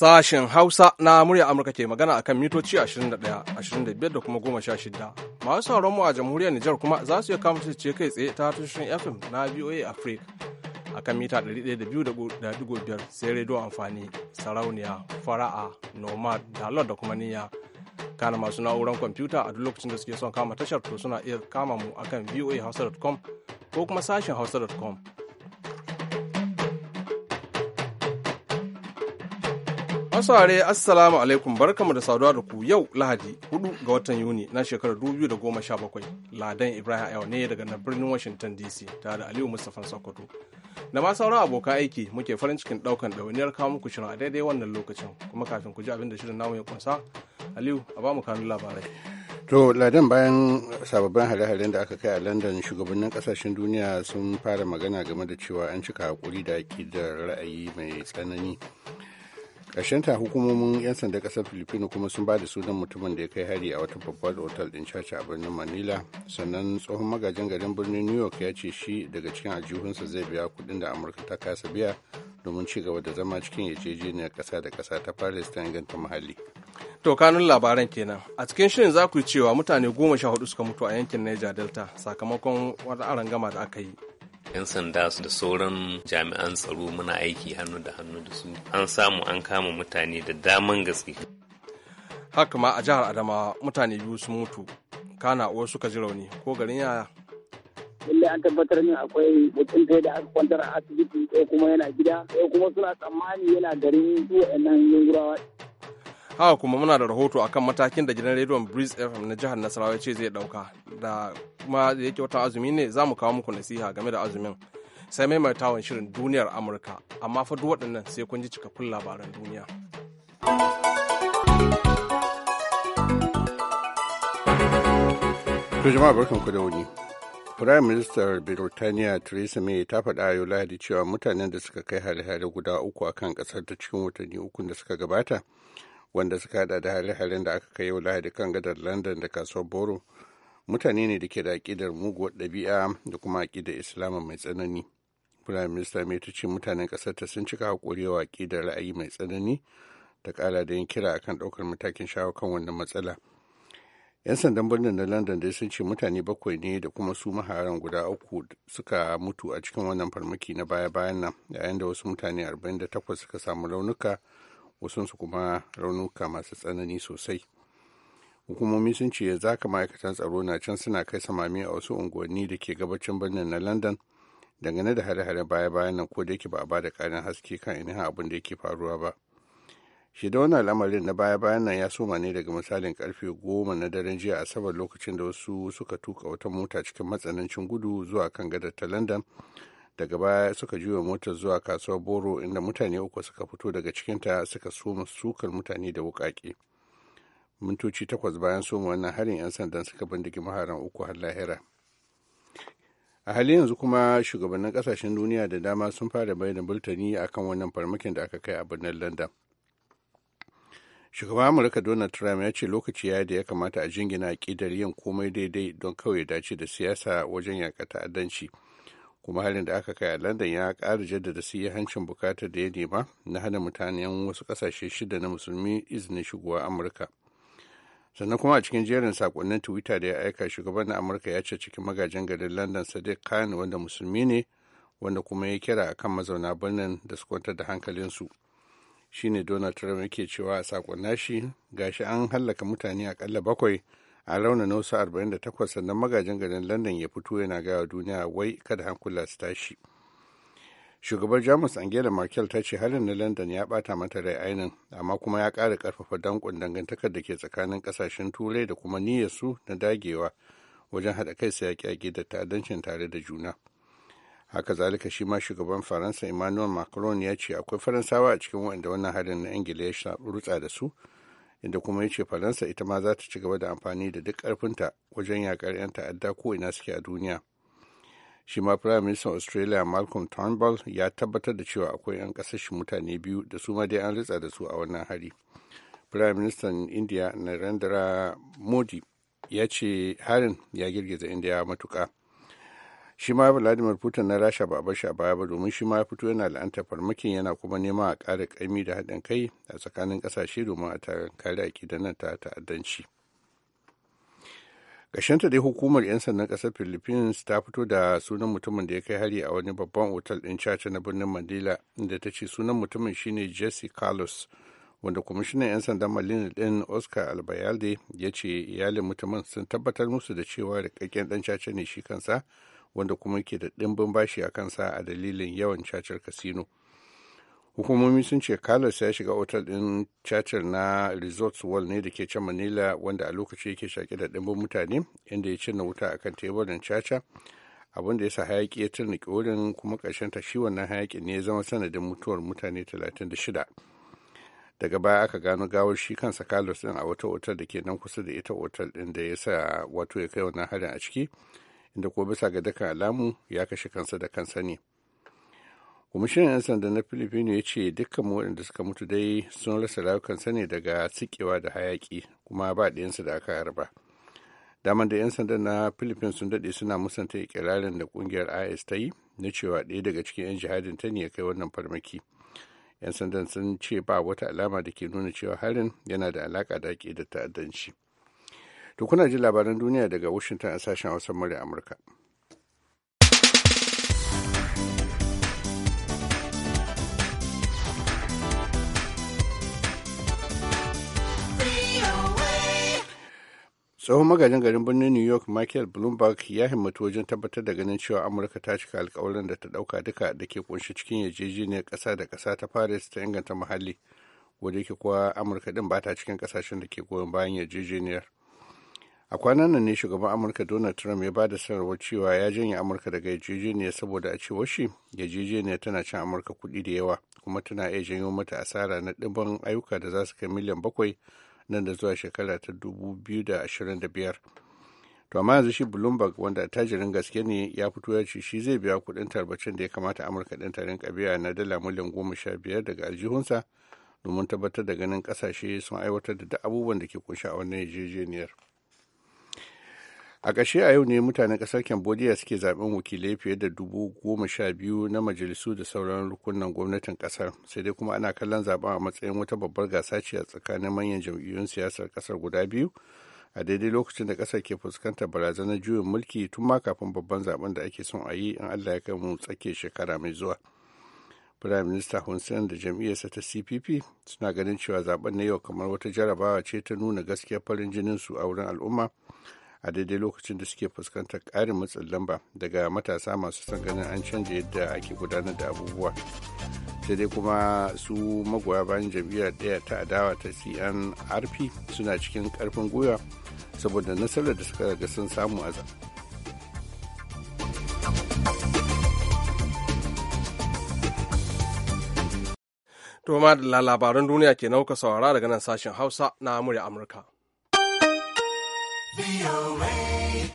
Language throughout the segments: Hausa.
Sashen Hausa na murya Amurka ke magana akan mitoci 21, 25 da kuma 16. Masu sauran mu a jamhuriyar Nijar kuma za su iya kama ce kai tsaye ta tushen FM na VOA Africa akan mita 102.5 sai rediyo amfani sarauniya fara'a nomad dalar da kuma niyya kana masu na'uran kwamfuta a duk lokacin da suke son kama tashar to suna iya kama mu akan voahausa.com ko kuma sashen hausa.com Masu Assalamu alaikum barkamu da saduwa da ku yau Lahadi 4 ga watan Yuni na shekarar 2017 Ladan Ibrahim ayaw ne daga na birnin Washington DC tare da Aliyu Mustapha Sokoto. Da ma sauran abokan aiki muke farin cikin daukan ɗawainiyar kawo muku shirin a daidai wannan lokacin kuma kafin ku ji abin da shirin namu ya kunsa Aliyu a ba mu kanun labarai. To ladan bayan sababbin hare-haren da aka kai a London shugabannin kasashen duniya sun fara magana game da cewa an cika hakuri da aƙidar ra'ayi mai tsanani. ta hukumomin 'yan sanda kasar filipino kuma sun ba da sunan mutumin da ya kai hari a wata babbar otal din caca a birnin manila sannan tsohon magajin garin birnin new york ya ce shi daga cikin aljihunsa zai biya kuɗin da amurka ta kasa biya domin ci gaba da zama cikin yajejeniya kasa da kasa ta paris ta inganta muhalli to kanun labaran kenan a cikin shirin za ku yi cewa mutane goma sha hudu suka mutu a yankin niger delta sakamakon wata arangama da aka yi 'yan sanda su da sauran jami'an tsaro muna aiki hannu da hannu da su an samu an kama mutane da daman gaske haka ma a jihar adama mutane biyu su mutu kana wasu suka ji rauni ko garin yaya lalle an tabbatar min akwai mutum kai da aka kwantar a asibiti ɗaya kuma yana gida ɗaya kuma suna tsammani yana garin su waɗannan yungurawa haka kuma muna da rahoto akan matakin da gidan rediyon breeze fm na jihar nasarawa ce zai dauka da kuma yake wata azumi ne za mu kawo muku nasiha game da azumin sai maimaitawan shirin duniyar amurka amma fa duk waɗannan sai kun ji cikakkun labaran duniya to jama'a barkanku da wuni Firayim Ministar Birtaniya Theresa May ta faɗa yau Lahadi cewa mutanen da suka kai hare-hare guda uku a kan ƙasar ta cikin watanni ukun da suka gabata wanda suka hada da hare-haren da aka kai yau lahadi kan gadar london da kasuwar boro mutane ne da ke da akidar muguwar ɗabi'a da kuma aƙidar islamu mai tsanani firayim minista mai ce mutanen ƙasar ta sun cika haƙurewa akidar ra'ayi mai tsanani ta ƙara da yin kira akan ɗaukar matakin shawo kan wannan matsala 'yan sandan birnin na london dai sun ce mutane bakwai ne da kuma su maharan guda uku suka mutu a cikin wannan farmaki na baya-bayan nan yayin da wasu mutane arba'in 48 suka samu raunuka wasunsu kuma raunuka masu tsanani sosai hukumomi sun ce za ka ma'aikatan tsaro na can suna kai samami a wasu unguwanni da ke gabacin birnin na london dangane da hare-hare baya-bayan nan ko da yake ba a bada karin haske kan ainihin abin da yake faruwa ba shi da wani al'amarin na baya-bayan nan ya soma ne daga misalin karfe goma na daren jiya asabar lokacin da wasu suka tuka wata mota cikin matsanancin gudu zuwa kan gadar ta london daga baya suka juya motar zuwa kasuwar boro inda mutane uku suka fito daga cikinta suka soma sukar mutane da wukaki mintoci takwas bayan soma wannan harin 'yan sandan suka bindigi maharan uku har lahira a halin yanzu kuma shugabannin kasashen duniya da dama sun fara bayyana bultani akan wannan farmakin da aka kai a birnin london shugaban amurka donald trump ya ce lokaci ya da ya kamata a jingina a yin komai daidai don kawai dace da siyasa wajen yaƙa ta'addanci. kuma halin da aka kai a london ya ƙara jaddada hancin bukatar da ya nema na hana mutanen wasu ƙasashe shida na musulmi izinin shigowa amurka sannan kuma a cikin jerin sakonnin twitter da ya aika shugaban na amurka ya ce cikin magajin garin london sadiq khan wanda musulmi ne wanda kuma ya kira a kan mazauna birnin da su kwantar da hankalinsu shine donald trump yake cewa a sakonnashi shi gashi an hallaka mutane akalla bakwai a raunin wasu 48 sannan magajin garin london ya fito yana gaya duniya wai kada hankula su tashi shugabar jamus angela merkel ta ce halin na london ya bata mata rai ainin amma kuma ya ƙara karfafa dankon dangantakar da ke tsakanin ƙasashen turai da kuma niyyarsu na dagewa wajen haɗa kai ki yaƙi da ta'addancin tare da juna haka zalika shi ma shugaban faransa emmanuel macron ya ce akwai faransawa a cikin waɗanda wannan harin na ingila ya rutsa da su inda kuma ya ce faransa ita ma za ta ci gaba da amfani da duk ƙarfinta wajen yakar 'yan ta'adda ko ina suke a duniya shi ma prime minister australia malcolm turnbull ya tabbatar da cewa akwai 'yan kasashen mutane biyu da su ma dai an ritsa da su a wannan hari prime minister india narendra modi ya ce harin ya girgiza india matuƙa shi ma vladimir putin na rasha ba bashi a baya ba domin shi ma ya fito yana la'anta farmakin yana kuma nema a kara ƙaimi da haɗin kai a tsakanin kasashe domin a kare a nan ta ta'addanci gashinta dai hukumar 'yan sandan ƙasar philippines ta fito da sunan mutumin da ya kai hari a wani babban otal ɗin caca na birnin mandela inda ta ce sunan mutumin shine jesse carlos wanda kwamishinan 'yan sandan malina ɗin oscar albayalde ya ce iyalin mutumin sun tabbatar musu da cewa rikakken ɗan caca ne shi kansa wanda kuma ke da ɗimbin bashi a kansa a dalilin yawan cacar kasino hukumomi sun ce carlos ya shiga otal ɗin cacar na resorts world ne da ke can manila wanda a lokaci yake shaƙi da ɗimbin mutane inda ya cinna wuta a kan teburin caca abin da ya sa hayaƙi ya turnike wurin kuma ƙarshen ta shi wannan hayaƙin ne ya zama sanadin mutuwar mutane 36 daga baya aka gano gawar shi kansa carlos din a wata otal da ke nan kusa da ita otal din da ya sa wato ya kai wannan harin a ciki inda ko bisa ga daka alamu ya kashe kansa da kansa ne kwamishinan 'yan sanda na filipino ya ce dukkan waɗanda suka mutu dai sun rasa rayukansa ne daga tsikewa da hayaƙi kuma ba ɗayansu da aka harba daman da 'yan sanda na philippines sun daɗe suna musanta ikirarin da ƙungiyar is ta yi na cewa ɗaya daga cikin 'yan jihadin ta ne ya kai wannan farmaki 'yan sandan sun ce ba wata alama da ke nuna cewa harin yana da alaƙa da ake da ta'addanci. To kuna ji labaran duniya daga Washington a sashen Hausa murya Amurka. tsohon magajin garin birnin new york michael bloomberg ya himmatu wajen tabbatar da ganin cewa amurka ta cika alkawarin da ta dauka duka da ke kunshi cikin yarjejeniyar kasa da kasa ta paris ta inganta muhalli wadda yake kuwa amurka din ba ta cikin kasashen da ke goyon bayan yarjejeniyar a kwanan nan ne shugaban amurka donald trump ya ba da sanarwar cewa ya janye amurka daga yarjejeniya saboda a cewar shi yarjejeniya tana cin amurka kuɗi da yawa kuma tana iya janyo mata asara na ɗiban ayyuka da za su kai miliyan bakwai nan da zuwa shekara ta 2025 to amma yanzu shi bloomberg wanda tajirin gaske ne ya fito ya ce shi zai biya kuɗin tarbacin da ya kamata amurka ɗin tarin kabiya na dala miliyan goma sha biyar daga aljihunsa domin tabbatar da ganin ƙasashe sun aiwatar da duk abubuwan da ke kunshi a wannan yarjejeniyar. a ƙarshe a yau ne mutanen ƙasar cambodia suke zaɓen wakilai fiye da dubu goma sha biyu na majalisu da sauran rukunan gwamnatin ƙasar sai dai kuma ana kallon zaɓen a matsayin wata babbar gasa ce a tsakanin manyan jam'iyyun siyasar ƙasar guda biyu a daidai lokacin da ƙasar ke fuskantar barazanar juyin mulki tun ma kafin babban zaɓen da ake son a yi in allah ya kai mu tsake shekara mai zuwa Prime Minista Hun Sen da jam'iyyarsa ta CPP suna ganin cewa zaɓen na yau kamar wata jarabawa ce ta nuna gaskiyar farin jinin su a wurin al'umma a daidai lokacin da suke fuskantar ƙarin matsin lamba daga matasa masu son ganin an canza yadda ake gudanar da abubuwa sai dai kuma su magoya bayan jam'iyyar ɗaya ta adawa ta cnrp suna cikin karfin gwiwa saboda nasarar da suka ga sun samu a toma da labaran duniya ke nauka saurara daga nan sashen Hausa na murya Amurka. VOA.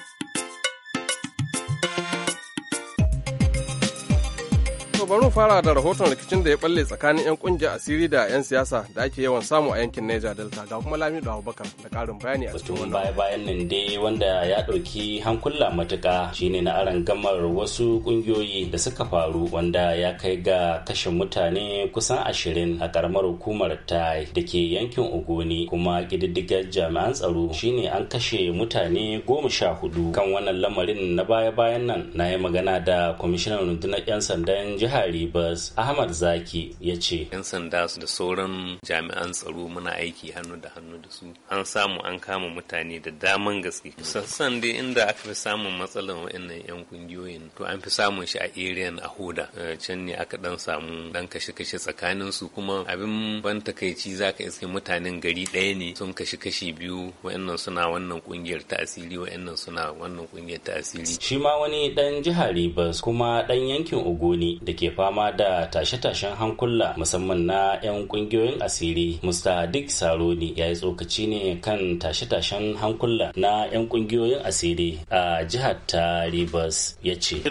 To mu fara da rahoton rikicin da ya balle tsakanin 'yan kungiyar asiri da 'yan siyasa da ake yawan samu a yankin Niger Delta ga kuma Lamido Abubakar da karin bayani a cikin wannan. Bayan bayan nan dai wanda ya ɗauki hankula matuƙa shine na aran gamar wasu ƙungiyoyi da suka faru wanda ya kai ga kashe mutane kusan ashirin a karamar hukumar ta da ke yankin Ogoni kuma kididdigar jami'an tsaro shine an kashe mutane goma sha hudu kan wannan lamarin na baya bayan nan na yi magana da kwamishinan rundunar 'yan sandan jihar jihar Rivers Ahmad Zaki ya ce. 'Yan sanda su da sauran jami'an tsaro muna aiki hannu da hannu da su. An samu an kama mutane da daman gaske. Sassan dai inda aka fi samun matsalan wa'annan 'yan kungiyoyin to an fi samun shi a eriyan a hoda. Eh, can ne aka dan samu dan kashe-kashe tsakanin su kuma abin ban takaici za ka iske mutanen gari ɗaya ne sun kashe-kashe biyu wa'annan suna wannan kungiyar ta asiri wa'annan suna wannan kungiyar ta asiri. Shi wani dan jihar Rivers kuma dan yankin Ogoni da ke ke fama da tashe-tashen hankula musamman na 'yan kungiyoyin asiri musta dick saroni ya yi tsokaci ne kan tashe-tashen hankula na 'yan kungiyoyin asiri a jihar ta rivers ya ce uh,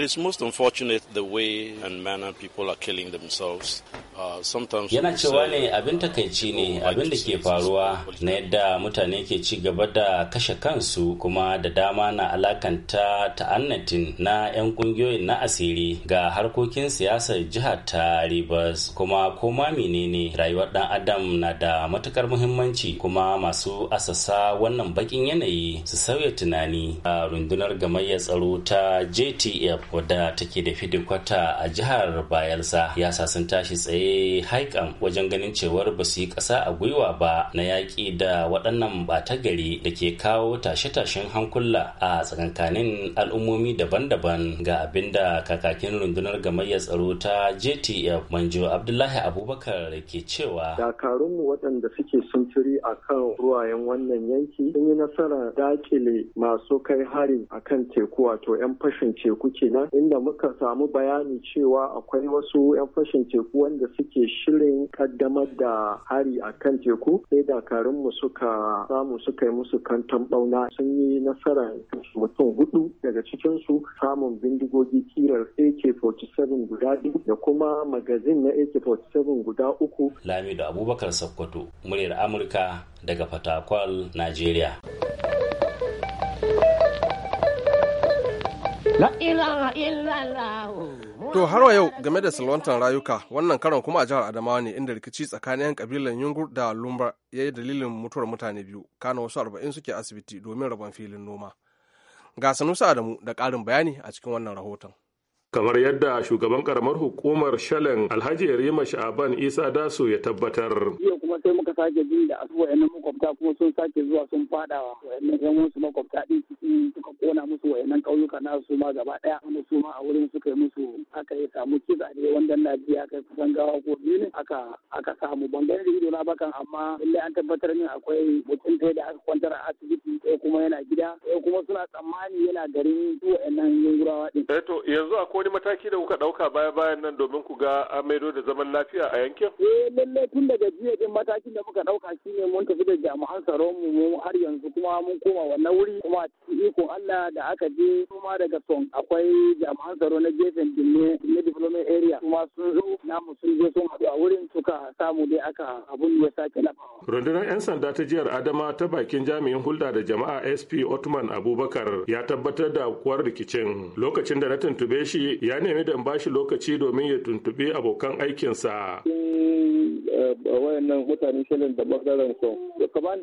yana cewa ne abin takaici ne oh, abin da ke faruwa na yadda mutane ke ci gaba da kashe kansu kuma da dama na alakanta ta'annatin na 'yan kungiyoyin na asiri ga harkokin siyasa siyasar jihar ta Rivers kuma koma menene rayuwar dan adam na da matukar muhimmanci kuma masu asasa wannan bakin yanayi su sauya tunani a rundunar gamayyar tsaro ta JTF wadda take da fidikwata a jihar Bayelsa ya sun tashi tsaye haikan wajen ganin cewar ba su yi kasa a gwiwa ba na yaƙi da waɗannan ɓata gari da ke kawo tashe-tashen hankula a tsakankanin al'ummomi daban-daban ga abinda kakakin rundunar gamayyar tsaro ta JTF Manjo Abdullahi Abubakar da ke cewa Dakarunmu waɗanda suke sunturi a kan ruwayen wannan yanki sun yi nasara dakile masu kai hari a kan teku wato 'yan fashin teku kenan inda muka samu bayani cewa akwai wasu 'yan fashin teku wanda suke shirin kaddamar da hari a kan teku sai dakarunmu suka samu suka yi musu kantan bauna sun yi nasara mutum hudu daga cikinsu samun bindigogi kirar AK-47 guda da kuma magazin na AK-47 guda uku. Lami da Abubakar Sokoto, muryar Amurka daga Fatakwal, Najeriya. To har wa yau game da salwantar rayuka wannan karon kuma a jihar Adamawa ne inda rikici tsakanin 'yan kabilan Yungur da Lumba ya yi dalilin mutuwar mutane biyu, kano wasu arba'in suke asibiti domin rabon filin noma. Ga Sanusa Adamu da ƙarin bayani a cikin wannan rahoton. kamar yadda shugaban karamar hukumar shalen alhaji rima sha'aban isa dasu ya tabbatar jiya kuma sai muka sake jin da asu wayannan makwabta kuma sun sake zuwa sun fadawa wayannan yan wasu makwabta din cikin suka kona musu wayannan kauyuka na su ma gaba daya kuma su ma a wurin suka yi musu aka yi samu kiza ne wanda na biya kai kusan gawa ko biyu ne aka aka samu ban da ido na bakan amma lallai an tabbatar min akwai mutum da aka kwantar a asibiti sai kuma yana gida sai kuma suna tsammani yana garin su wayannan yungurawa din. Eh to yanzu akwai wani mataki da kuka ɗauka baya bayan nan domin ku ga a maido da zaman lafiya a yankin? Eh lallai tun daga jiya din matakin da muka ɗauka shine mun tafi da jami'an tsaron mu har yanzu kuma mun koma wannan wuri kuma cikin ikon Allah da aka je kuma daga son akwai jami'an tsaro na gefen dinne na development area kuma sun zo mu sun je sun haɗu a wurin suka samu dai aka abun ya sake lafawa. Rundunar 'yan sanda ta jihar Adama ta bakin jami'in hulɗa da jama'a SP Otman Abubakar ya tabbatar da kuwar rikicin lokacin da na tuntube shi ya nemi da in bashi lokaci domin ya tuntuɓi abokan aikinsa. Eh, eh, wayannan mutane shirin da bangaren su kamar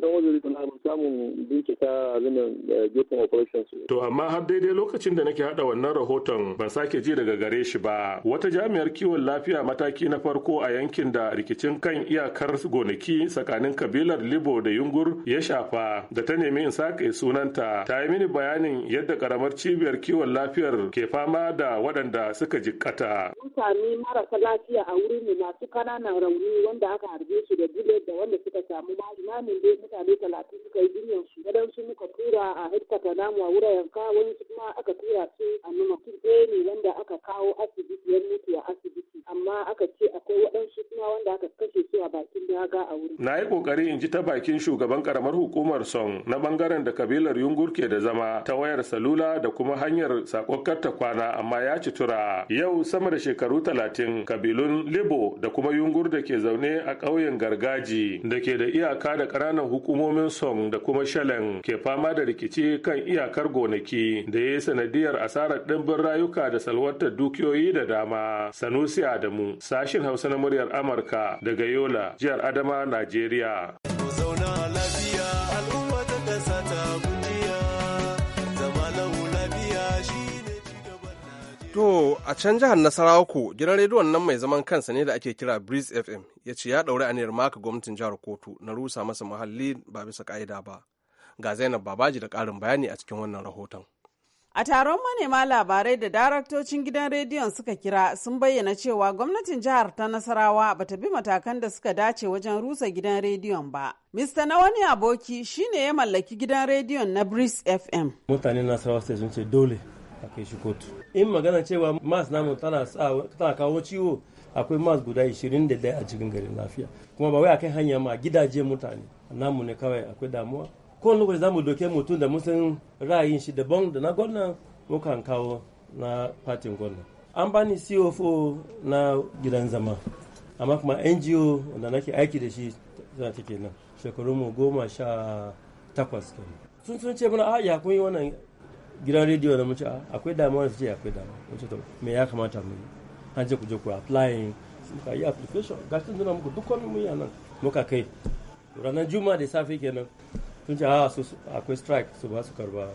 dan wuzuri na samun bincika zinin eh, gefen operation su. to amma har daidai lokacin da nake hada wannan rahoton ban sake ji daga gare shi ba wata jami'ar kiwon lafiya mataki na farko a yankin da rikicin kan iyakar gonaki tsakanin kabilar libo da yungur ya shafa da ta nemi in sake sunanta ta yi mini bayanin yadda karamar cibiyar kiwon lafiyar ke fama ma da waɗanda suka jikkata. Mutane marasa lafiya a wuri ne masu kananan rauni wanda aka harbe su da bullet da wanda suka samu ma imamin dai mutane talatin suka yi jinyar su. Waɗansu muka tura a headquarter namu a yanka wani su kuma aka tura su a nuna. Mutum ɗaya ne wanda aka kawo asibiti ya mutu a asibiti amma aka ce akwai waɗansu kuma wanda aka kashe su a bakin daga a wurin. Na yi kokari in ji ta bakin shugaban karamar hukumar Song na bangaren da kabilar yungur ke da zama ta wayar salula da kuma hanyar sakokar ta kwana amma ya ci tura. Yau sama da shekaru talatin kabilun Libo da kuma yungur da ke zaune a ƙauyen gargaji da ke da iyaka da ƙananan hukumomin Song da kuma shalen ke fama da rikici kan iyakar gonaki da ya yi sanadiyar asarar ɗimbin rayuka da salwantar dukiyoyi da dama. Sanusi Adamu sashin Hausa na muryar Amurka. Amurka daga Yola, jihar Adama, Najeriya. To a can jihar Nasarawa ku gidan rediyon nan mai zaman kansa ne da ake kira Breeze FM ya ce ya ɗauri aniyar maka gwamnatin jihar Kotu na rusa masa muhalli ba bisa ƙa'ida ba. Ga Zainab Babaji da ƙarin bayani a cikin wannan rahoton. A taron manema labarai da daraktocin gidan rediyon suka kira sun bayyana cewa gwamnatin jihar ta Nasarawa ba ta bi matakan da suka dace wajen rusa gidan rediyon ba. mr na wani aboki shine ya mallaki gidan rediyon na Breeze FM. Mutane Nasarawa sai sun ce dole a kai shi kotu. In magana cewa mas namu tana kawo ciwo akwai mas guda 21 a cikin garin lafiya. Kuma ba wai akan hanya ma gidaje mutane. Namu ne kawai akwai damuwa. kowane lokaci za mu doke mutum da musan ra'ayin shi daban da na gwamna mukan kawo na fatin gwamna an ba ni cofo na gidan zama amma kuma ngo wanda nake aiki da shi za ta shekaru mu goma sha takwas kenan sun sun ce mana a ah, ya kun yi wannan gidan rediyo da mun ah, akwai damuwa su ce akwai damuwa mun ce to me ya kamata mu yi an je ku je ku applying muka yi application ga sun nuna muku duk komai mun yi nan muka kai ranar juma'a da safe kenan sun ce ah, akwai strike su ba su karba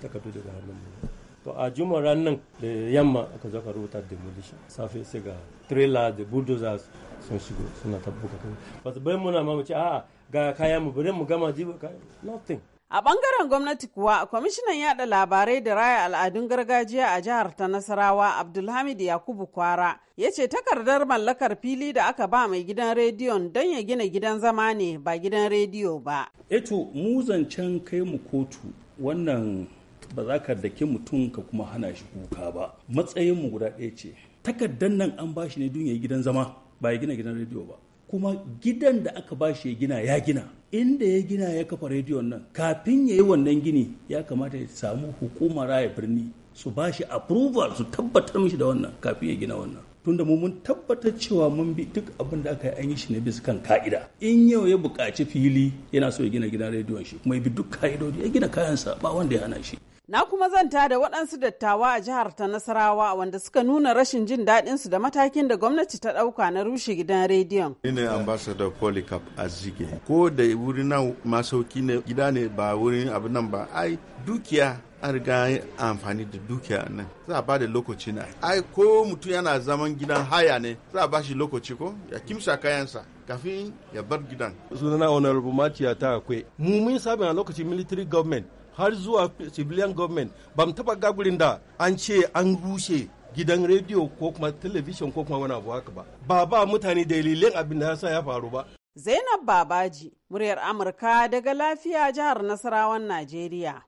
takardu daga hannun mu to a juma ranar da yamma aka zaka ka rubuta demolition safe sai ga trailer da bulldozers sun shigo suna tabbuka kai ba su bai muna ma mu ce a ah, ga kaya mu bari mu gama jiba nothing A bangaren gwamnati kuwa, kwamishinan yada labarai da raya al'adun gargajiya a jihar ta Nasarawa Abdulhamid Yakubu Kwara ya ce takardar mallakar fili da aka ba mai gidan rediyon don ya gina gidan zama ne ba gidan rediyo ba. Eto mu zancen kai mu kotu wannan ba za ka daki mutum ka kuma hana shi kuka ba. Matsayin mu guda ɗaya ce. Takardar nan an ba shi ne don ya gidan zama ba ya gina gidan rediyo ba. kuma gidan da aka ba shi ya gina ya gina inda ya gina ya kafa rediyon nan kafin ya yi wannan gini ya kamata ya samu hukumar raya birni su ba shi approval su tabbatar mishi da wannan kafin ya gina wannan tunda mu mun tabbatar cewa mun bi duk abin da aka yi an yi shi ne bisa kan ka'ida in yau ya buƙaci fili yana so ya gina gidan rediyon shi kuma ya bi duk ka'idodi ya gina kayansa ba wanda ya hana shi Na kuma zanta da waɗansu dattawa a jihar ta Nasarawa wanda suka nuna rashin jin daɗin su da matakin da gwamnati ta ɗauka na rushe gidan rediyon. Ni ne ambassador Polycarp Azige. Ko da wuri nan masauki ne gida ne ba wurin abu nan ba ai dukiya an riga amfani da dukiya nan za a ba da lokaci na ai ko mutum yana zaman gidan haya ne za a ba shi lokaci ko ya kimsa kayansa kafin ya bar gidan sunana honorable matiya ta akwai mu mun sabin a lokacin military government har zuwa civilian government bam taba gagurin da an ce an rushe gidan rediyo ko kuma television ko kuma wani abu haka ba ba ba mutane dalilin abin da ya ya faru ba zainab babaji muryar amurka daga lafiya jihar nasarawan najeriya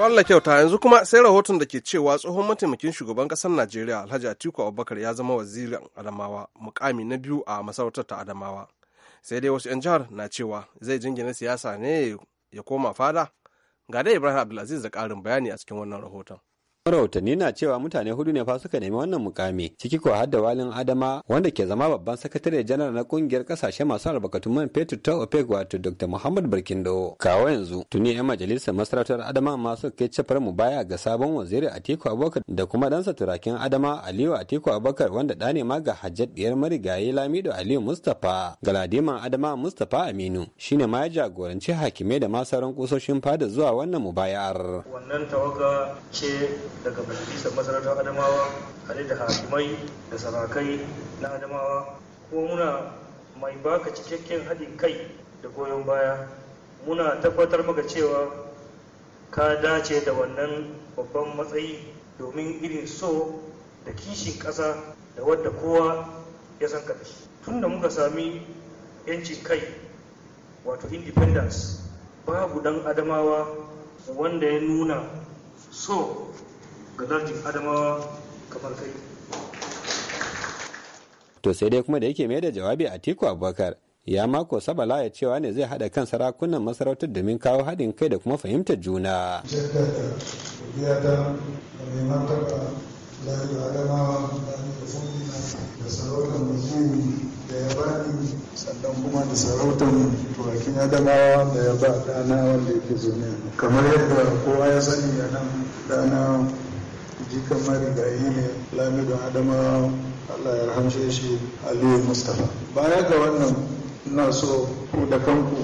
Allah kyauta yanzu kuma sai rahoton da ke cewa tsohon mataimakin shugaban kasar Najeriya Alhaji Atiku Abubakar ya zama wazirin Adamawa mukami na biyu a masarautar ta Adamawa. sai dai wasu 'yan jihar na cewa zai jingina siyasa ne ya koma fada ga dai ibrahim abdulaziz da ƙarin bayani a cikin wannan rahoton kuma rahotanni na cewa mutane hudu ne fa suka nemi wannan mukami ciki ko har da walin adama wanda ke zama babban sakatare janar na kungiyar kasashe masu albarkatun man fetur ta opec wato dr muhammad barkindo kawo yanzu tuni yan majalisar masarautar adama masu kai cafar mu baya ga sabon waziri atiku abubakar da kuma dansa turakin adama aliyu atiku abubakar wanda da ne ma ga hajjat diyar marigayi lamido aliyu mustapha galadiman adama mustapha aminu shine ma ya jagoranci hakimai da masaran kusoshin fada zuwa wannan mubaya'ar wannan tawaga ce daga majalisar masarautar adamawa hade da hakimai da sarakai na adamawa kuma muna mai baka cikakken haɗin kai da goyon baya muna tabbatar maka cewa ka dace da wannan babban matsayi domin irin so da kishin ƙasa da wadda kowa ya san ka shi tun da muka sami 'yancin kai wato independence babu dan adamawa wanda ya nuna so da lardin adamawa kamar kai to sai dai kuma da yake mai da jawabi a tiku abubakar ya mako sabala ya cewa ne zai haɗa kan sarakunan masarautar domin kawo haɗin kai da kuma fahimtar juna Lari Adamawa, Lari da Fulina, da sarautar Mujini da ya bani sannan kuma da sarautar turakin Adamawa da ya ba ɗana wanda yake zaune. Kamar yadda kowa ya sani a nan ɗana jikan marigayi ne lamidon adamawa allah ya rahamshe shi aliyu mustapha baya ga wannan na so ku da kanku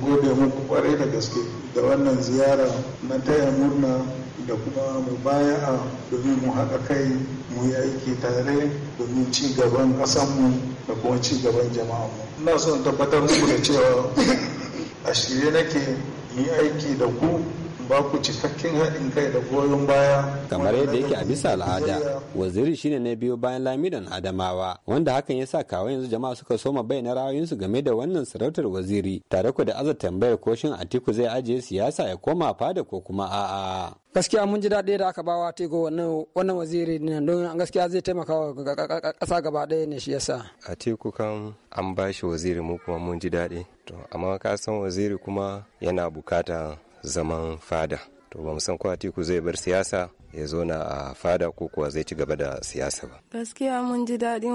gode muku kwarai da gaske da wannan ziyara na taya murna da kuma mu baya a domin mu haɗa kai mu yi aiki tare domin ci gaban ƙasanmu da kuma ci gaban mu. ina son tabbatar muku da cewa a shirye nake yi aiki da ku ba ku cikakken haɗin kai da goyon baya. Kamar yadda yake a bisa al'ada, waziri shine na biyo bayan lamidan Adamawa, wanda hakan ya sa kawo yanzu jama'a suka soma bayyana ra'ayoyinsu game da wannan sarautar waziri, tare ku da aza tambayar ko shin Atiku zai ajiye siyasa ya koma fada ko kuma a'a. gaskiya mun ji daɗi da aka bawa tiko wannan waziri ne don gaskiya zai taimaka wa ƙasa gaba ɗaya ne shi yasa a teku kan an ba shi waziri mu kuma mun ji daɗi to amma ka san waziri kuma yana bukata zaman fada to ba mu san ko atiku zai bar siyasa ya zauna a fada ko kuwa zai ci gaba da siyasa ba. Gaskiya mun ji daɗin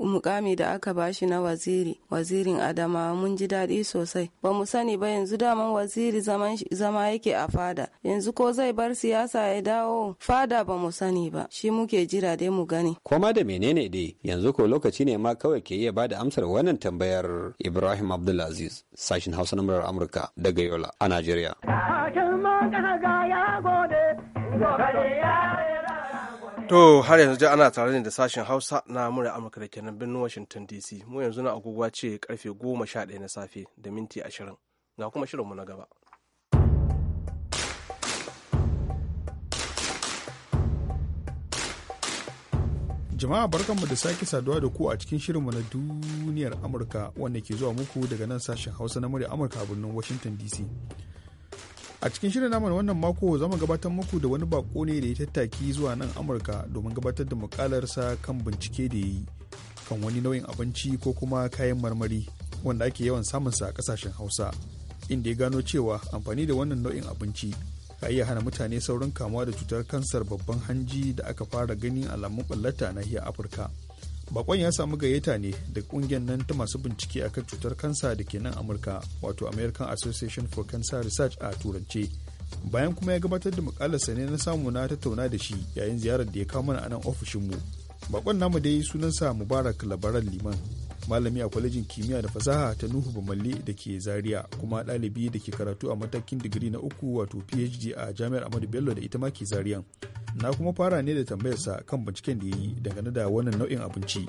mukami da aka bashi na waziri, wazirin Adama mun ji daɗi sosai. Ba mu sani ba yanzu daman waziri zama yake a fada. Yanzu ko zai bar siyasa ya dawo fada ba mu sani ba. Shi muke jira dai mu gani. Koma da menene dai yanzu ko lokaci ne ma kawai ke iya bada amsar wannan tambayar Ibrahim Abdulaziz sashin Hausa na Amurka daga Yola a Najeriya. ya To har yanzu ana tare da sashen Hausa na murya Amurka da kenan birnin Washington DC. Mu yanzu na agogwa ce karfe goma sha ɗaya na safe da minti ashirin. Ga kuma shirinmu na gaba. Jama'a barkanmu da sake saduwa da ku a cikin shirinmu na duniyar Amurka wanda ke zuwa muku daga nan sashen Hausa na murya Amurka a birnin Washington DC. a cikin shirin namun wannan mako za mu gabatar muku da wani bako ne da ya tattaki zuwa nan amurka domin gabatar da mukalarsa kan bincike da ya yi kan wani nau'in abinci ko kuma kayan marmari wanda ake yawan samunsa a kasashen hausa inda ya gano cewa amfani da wannan nau'in abinci ka iya hana mutane saurin kamuwa da cutar kansar babban hanji da aka fara ganin alamun ɓallata nahiyar afirka bakon ya samu gayyata ne da kungiyar nan ta masu bincike akan cutar kansa da ke nan amurka wato american association for cancer research a turance bayan kuma ya gabatar da mukalarsa ne na samu na tattauna da shi yayin ziyarar da ya kawo mana a nan ofishinmu bakon namu dai sunan sa mubarak labaran liman malami a kwalejin kimiyya da fasaha ta nuhu bamalle da ke zaria kuma ɗalibi da ke karatu a matakin digiri na uku wato phd a jami'ar amadu bello da ita ma ke zariyan na kuma fara ne da tambayarsa kan binciken da ya yi dangane da wannan nau'in abinci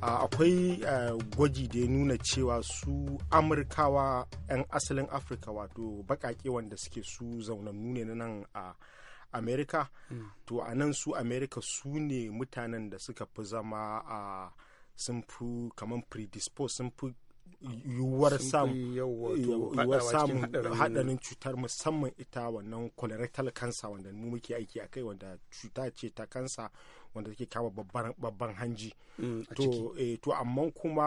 akwai eh, gwaji da ya nuna cewa su amurkawa 'yan asalin afirka wato bakake wanda suke su zaunan nune na nan a amerika mm. to a nan su amerika su ne mutanen da suka fi zama a sun fi kamar predisposed sun fi yiwuwar samun haɗarin cutar musamman ita wannan colorectal cancer wanda mu muke aiki a kai wanda cuta ce ta kansa wanda take kama babban hanji mm, eh, to amma kuma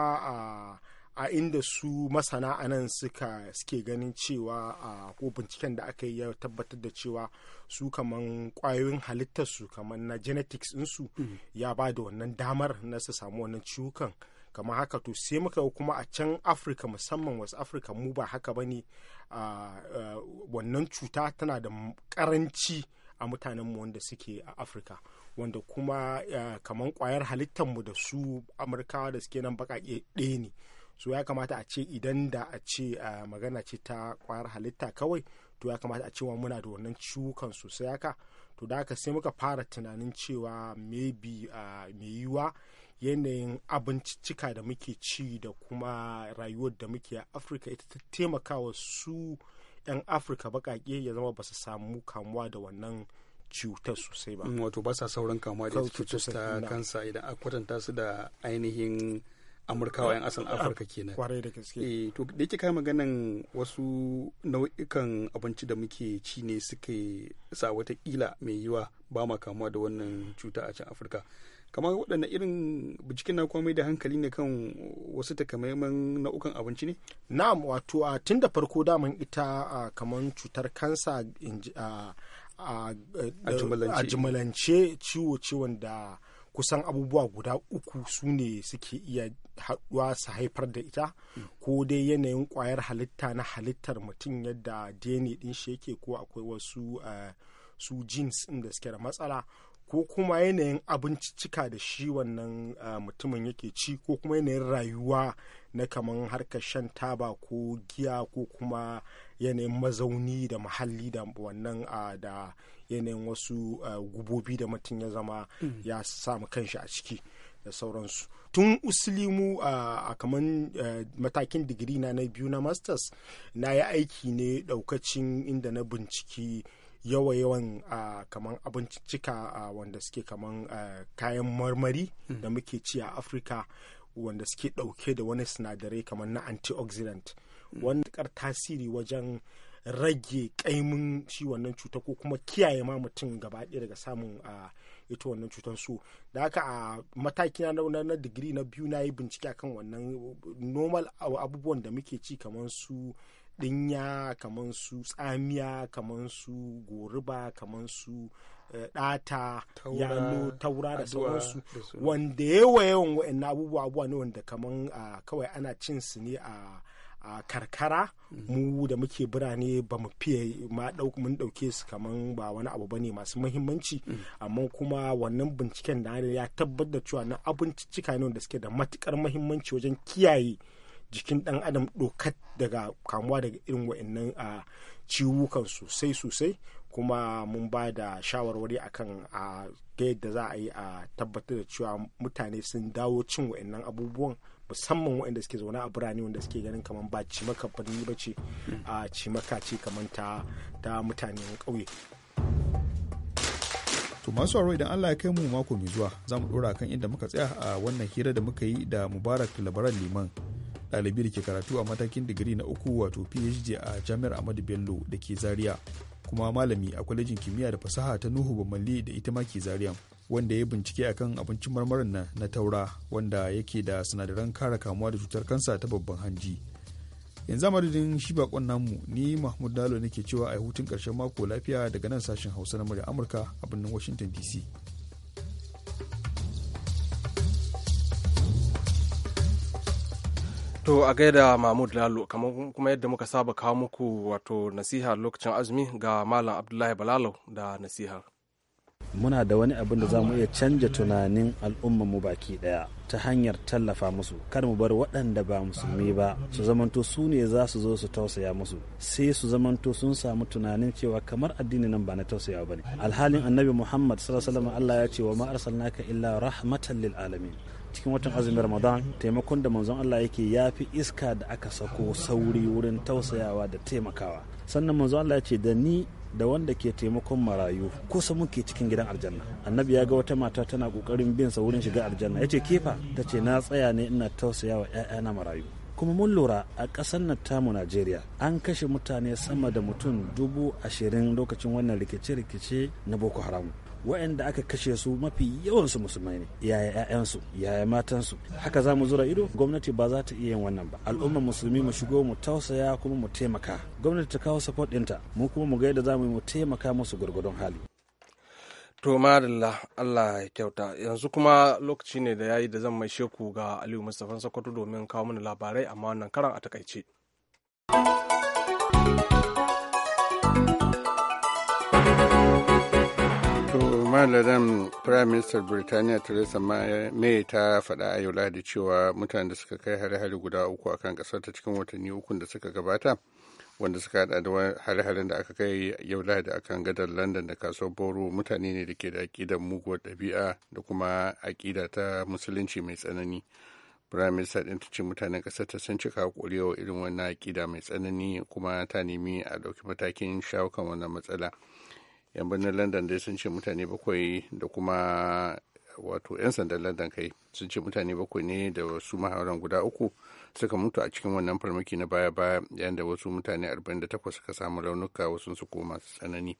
a inda su masana a nan suka suke ganin cewa a ko binciken da aka yi ya tabbatar da cewa su kaman kwayoyin halittarsu su kaman na genetics insu mm. ya ba da wannan damar na su samu wannan ciwukan kamar haka to sai muka kuma a can afirka musamman wasu afirka mu ba haka ba ne wannan cuta tana da karanci a mutanenmu wanda suke a afirka wanda kuma kamar kwayar halittar mu da su amurkawa da suke nan bakake ɗaya ne so ya kamata a ce idan da a ce magana ce ta kwayar halitta kawai to ya kamata a cewa muna da wannan ciwukan sosai haka to da haka sai muka fara tunanin cewa maybe mai yiwuwa yanayin abincicika da muke ci da kuma rayuwar da muke a afirka ita ta taimakawa su 'yan afirka bakake ya zama ba su samu kamuwa da wannan cuta sosai ba mm, wato ba sa sauran kamuwa da cutar ta kansa idan a kwatanta su da ainihin amurkawa 'yan asalin afirka kenan kwarai da gaske eh to da yake kai maganan wasu nau'ikan abinci da muke ci ne suke sa watakila mai yiwa ba ma kamuwa da wannan cuta a can afirka kamar waɗanda irin binciken na komai da hankali ne kan wasu takamaiman nau'ukan abinci ne na'am wato a tun da farko daman ita kamar cutar kansa a jimalance ciwo ciwon da kusan abubuwa guda uku su ne suke iya haɗuwa su haifar da ita ko dai yanayin kwayar halitta na halittar mutum yadda dna ɗin shi yake ko akwai wasu su jeans ɗin da suke da matsala ko kuma yanayin abinciccika da shi wannan ah, mutumin yake ci ko kuma yanayin rayuwa na kaman harkar shan taba ko giya ko kuma yanayin mazauni da muhalli da wannan ah, da yanayin wasu ah, gubobi da mutum ya zama mm. ya samu kanshi a ciki da sauransu tun usilimu a kaman eh, matakin digiri na na biyu na masters na yi aiki ne daukacin inda na binciki yawa yawan kaman abincicika wanda suke kaman kayan marmari hmm. da muke ci a afirka wanda suke ɗauke da wani sinadarai kamar na antioxidant hmm. wani tasiri wajen rage kaimin shi wannan cuta ko kuma kiyaye ma mutum gaba daga samun a ita wannan cutar su da haka a mataki na na digiri na biyu na yi bincike akan wannan normal abubuwan da muke ci kamar su dinya kaman su tsamiya kaman su goruba kaman su eh, ɗata yano taura da sauransu wanda yawa yawan wa'in abubuwa abubuwa ne wanda kaman kawai ana cin su ne a a karkara mm-hmm. mu da muke birane ba mu fiye ma mun dauke su kaman ba wani abu bane masu muhimmanci mm. amma kuma wannan binciken da ya tabbatar da cewa na abinciccika ne wanda suke da matukar muhimmanci wajen kiyaye jikin ɗan adam ɗokat daga kamuwa daga irin wa'annan ciwukan sosai sosai kuma mun ba da shawarwari akan a ga yadda za a yi a tabbatar da cewa mutane sun dawo cin wa'annan abubuwan musamman waɗanda suke zaune a birane wanda suke ganin kamar ba cimaka birni ba ce a cimaka ce kamar ta ta mutane ƙauye. to masu aro idan Allah ya kai mu mako mai zuwa za mu ɗora kan inda muka tsaya a wannan hira da muka yi da mubarak labaran liman ɗalibi da ke karatu a matakin digiri na uku wato phd a jami'ar ahmadu bello da ke zaria kuma malami a kwalejin kimiyya da fasaha ta nuhu malli da ita ma ke zaria wanda ya bincike akan abincin marmarin na, na taura wanda yake da sinadaran kara kamuwa da cutar kansa ta babban hanji yanzu a madadin shi bakon namu ni mahmud dalo nake cewa a hutun karshen mako lafiya daga nan sashen hausa na murya amurka a birnin washington dc To a gaida Mahmud Lalo kamar kuma yadda muka saba kawo muku wato nasiha lokacin azumi ga Malam Abdullahi Balalo da nasihar. Muna da wani abin da za mu iya canja tunanin mu baki daya ta hanyar tallafa musu kar mu bar waɗanda ba musulmi ba su zamanto su ne za su zo su tausaya musu sai su zamanto sun samu tunanin cewa kamar addini nan ba na tausayawa ba ne alhalin annabi muhammad sallallahu alaihi Allah ya ce wa ma arsalnaka illa rahmatan lil alamin cikin watan azumin ramadan taimakon da manzon allah yake ya fi iska da aka sako sauri wurin tausayawa da taimakawa sannan manzon allah ya ce da ni da wanda ke taimakon marayu kusa muke cikin gidan aljanna annabi ya ga wata mata tana kokarin bin sa wurin shiga aljanna yace kefa ta ce na tsaya ne ina tausayawa ƴaƴana marayu kuma mun lura a ƙasar nan tamu najeriya an kashe mutane sama da mutum dubu ashirin lokacin wannan rikice-rikice na boko haram waɗanda aka kashe su mafi yawansu musulmai ne yaya 'ya'yansu yaya matansu haka za mu zura ido gwamnati ba za ta iya yin wannan ba al'ummar musulmi mu shigo mu tausaya kuma mu taimaka gwamnati ta kawo support ɗinta mu kuma mu ga yadda za mu yi mu taimaka musu gwargwadon hali to madalla Allah ya kyauta yanzu kuma lokaci ne da yayi da zan mai sheku ga Aliyu Mustapha Sokoto domin kawo mana labarai amma wannan karan a takaice. malaran prime minister birtaniya theresa may ta faɗa a yau lahadi cewa mutane da suka kai hare-hare guda uku akan ƙasar ta cikin watanni uku da suka gabata wanda suka haɗa da hare-haren da aka kai yau lahadi akan gadar london da kasuwar boro mutane ne da ke da aƙidar muguwar ɗabi'a da kuma aƙida ta musulunci mai tsanani prime minister ɗin ta ce mutanen ƙasar ta sun cika haƙuri irin wannan aƙida mai tsanani kuma ta nemi a ɗauki matakin shawo kan wannan matsala yan birnin london dai sun ce mutane bakwai da kuma wato 'yan sandan london kai sun ce mutane bakwai ne da wasu mahauran guda uku suka mutu a cikin wannan farmaki na baya-baya yayin da wasu mutane 48 suka samu raunuka wasu su koma tsanani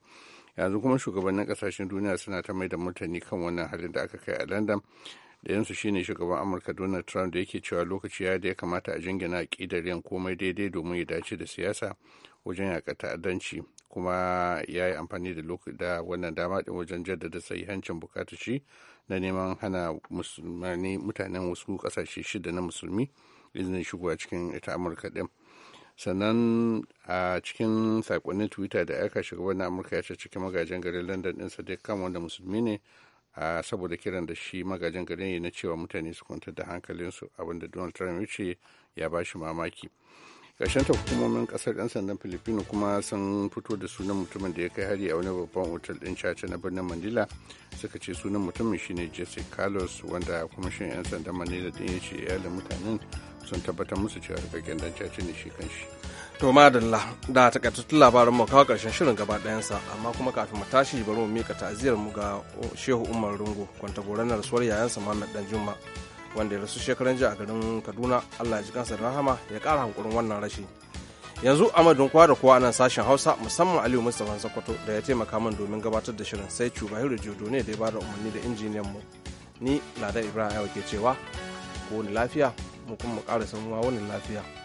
yanzu kuma shugabannin kasashen duniya suna ta mai da mutane kan wannan halin da aka kai a london da yansu shine shugaban amurka donald trump da yake cewa lokaci ya da ya kamata a jingina aƙidar yan komai daidai domin ya dace da siyasa wajen yaƙa ta'addanci kuma ya yi amfani da da wannan dama din wajen jaddada sahihancin bukatar shi na neman hana musulmani mutanen wasu kasashe shida na musulmi izinin shigowa cikin ita amurka din sannan a cikin sakonnin twitter da aka shiga na amurka ya ce cikin magajin garin london din sadiq kan wanda musulmi ne a saboda kiran da shi magajin garin ne na cewa mutane su kwantar da hankalinsu abinda donald trump ya ce ya ba shi mamaki karshen ta hukumomin ƙasar 'yan sandan filipino kuma sun fito da sunan mutumin da ya kai hari a wani babban otal din caca na birnin manila suka ce sunan mutumin shine jesse carlos wanda kuma kwamishin 'yan sandan manila din ya ce iyalin mutanen sun tabbatar musu cewa rikakken dan caca ne shi kanshi. to madalla da takaitattun labarin mu kawo ƙarshen shirin gaba ɗayansa amma kuma kafin mu tashi bari mu mika ta'aziyar mu ga shehu umar rungu kwanta goranar rasuwar yayansa muhammad danjuma wanda ya rasu shekaran jiya a garin kaduna allah ji kansa da rahama ya kara hankurin wannan rashi yanzu madun kwa da kowa nan sashen hausa musamman aliyu mustapha sokoto da ya taimaka min domin gabatar da shirin sai cubahiru jodo ne da ya bada umarni da injiniyan mu ni lada ibrahim ke cewa ko wani lafiya mu kuma mu kara samuwa wani lafiya